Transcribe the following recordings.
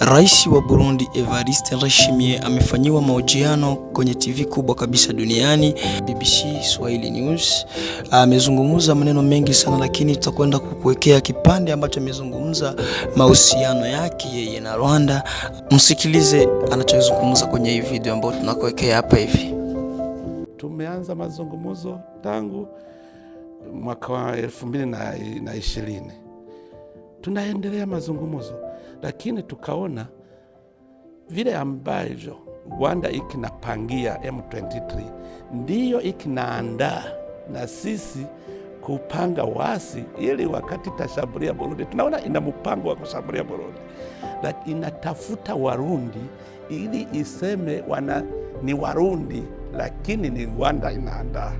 Rais wa Burundi Evariste Ndayishimiye amefanyiwa mahojiano kwenye TV kubwa kabisa duniani BBC Swahili News. Amezungumza maneno mengi sana, lakini tutakwenda kukuwekea kipande ambacho amezungumza mahusiano yake yeye na Rwanda. Msikilize anachozungumza kwenye hii video ambayo tunakuwekea hapa hivi. Tumeanza mazungumzo tangu mwaka wa elfu mbili na ishirini tunaendelea mazungumzo, lakini tukaona vile ambavyo Rwanda ikinapangia M23 ndiyo ikinaandaa na sisi kupanga wasi, ili wakati tashambulia Burundi, tunaona ina mpango wa kushambulia Burundi, lakini inatafuta Warundi ili iseme wana ni Warundi, lakini ni Rwanda inaandaa.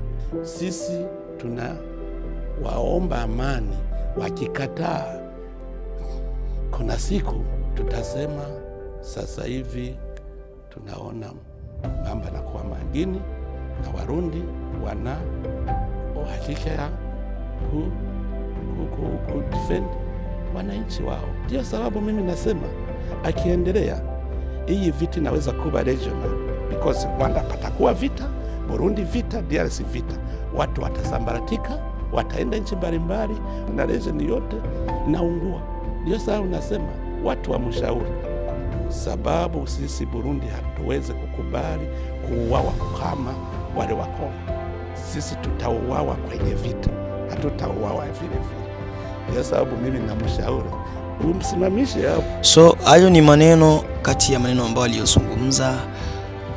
Sisi tunawaomba amani, wakikataa kuna siku tutasema sasa hivi tunaona mambo yanakuwa mangini na Warundi wana uhakika ya ku, ku, ku, ku defend wananchi wao. Ndio sababu mimi nasema akiendelea hii vita inaweza kuwa regional because Rwanda patakuwa vita, Burundi vita, DRC vita, watu watasambaratika, wataenda nchi mbalimbali na region yote inaungua. Ndio saa unasema watu wamshauri, sababu sisi Burundi hatuwezi kukubali kuuawa kama wale wa Kongo. Sisi tutauawa kwenye vita, hatutauawa vile vile. Ndio sababu mimi namshauri umsimamishe hapo. So hayo ni maneno kati ya maneno ambayo aliyozungumza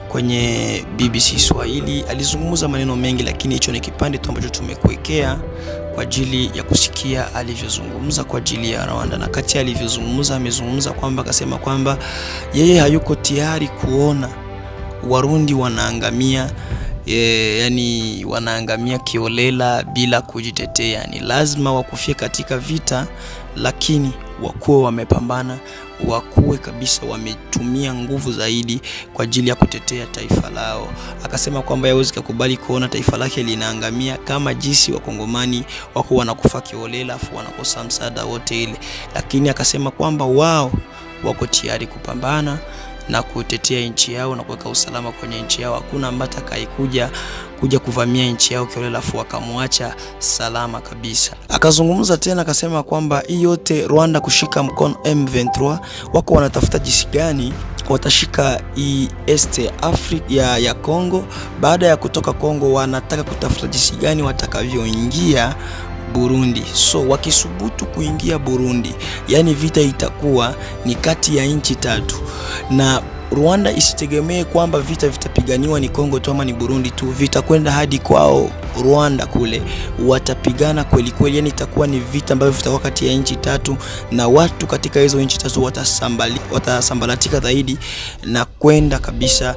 kwenye BBC Swahili. Alizungumza maneno mengi, lakini hicho ni kipande tu ambacho tumekuwekea kwa ajili ya kusikia alivyozungumza kwa ajili ya Rwanda, na kati alivyozungumza amezungumza kwamba akasema kwamba yeye hayuko tayari kuona Warundi wanaangamia E, yani wanaangamia kiolela bila kujitetea, ni lazima wakufie katika vita, lakini wakuwe wamepambana, wakuwe kabisa wametumia nguvu zaidi kwa ajili ya kutetea taifa lao. Akasema kwamba yawezi kukubali kuona taifa lake linaangamia kama jinsi wakongomani wako wanakufa kiholela, afu wanakosa msaada wote ile, lakini akasema kwamba wao wako tayari kupambana na kutetea nchi yao na kuweka usalama kwenye nchi yao. Hakuna ambaye atakayekuja kuja kuvamia nchi yao kiholela, afu akamwacha salama kabisa. Akazungumza tena akasema kwamba hii yote Rwanda kushika mkono M23, wako wanatafuta jinsi gani watashika East Africa ya, ya Kongo. Baada ya kutoka Kongo, wanataka kutafuta jinsi gani watakavyoingia Burundi. So wakisubutu kuingia Burundi, yani vita itakuwa ni kati ya nchi tatu, na Rwanda isitegemee kwamba vita vitapiganiwa ni Kongo tu ama ni Burundi tu, vitakwenda hadi kwao Rwanda kule watapigana kweli kweli, yani itakuwa ni vita ambavyo vitakuwa kati ya nchi tatu, na watu katika hizo nchi tatu watasambali, watasambalatika zaidi na kwenda kabisa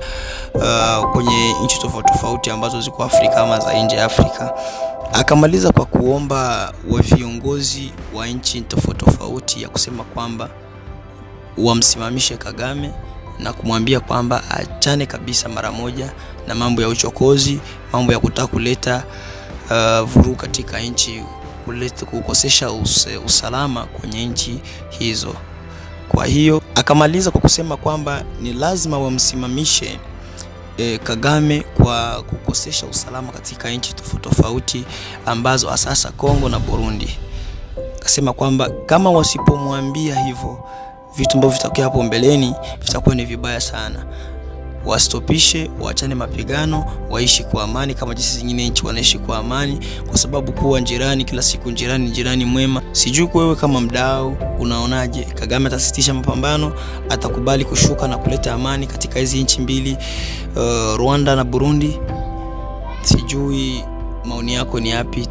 uh, kwenye nchi tofauti tofauti ambazo ziko Afrika ama za nje ya Afrika. Akamaliza kwa kuomba wa viongozi wa nchi tofauti tofauti ya kusema kwamba wamsimamishe Kagame na kumwambia kwamba achane kabisa mara moja na mambo ya uchokozi, mambo ya kutaka kuleta uh, vurugu katika nchi, kukosesha us, usalama kwenye nchi hizo. Kwa hiyo akamaliza kwa kusema kwamba ni lazima wamsimamishe e, Kagame kwa kukosesha usalama katika nchi tofauti tofauti ambazo asasa Kongo na Burundi. Akasema kwamba kama wasipomwambia hivyo vitu ambavyo vitakuwa hapo mbeleni vitakuwa ni vibaya sana wastopishe, waachane mapigano, waishi kwa amani kama jinsi zingine nchi wanaishi kwa amani, kwa sababu kuwa jirani kila siku jirani jirani mwema. Sijui wewe kama mdau unaonaje, Kagame atasitisha mapambano, atakubali kushuka na kuleta amani katika hizi nchi mbili, uh, Rwanda na Burundi? Sijui maoni yako ni yapi?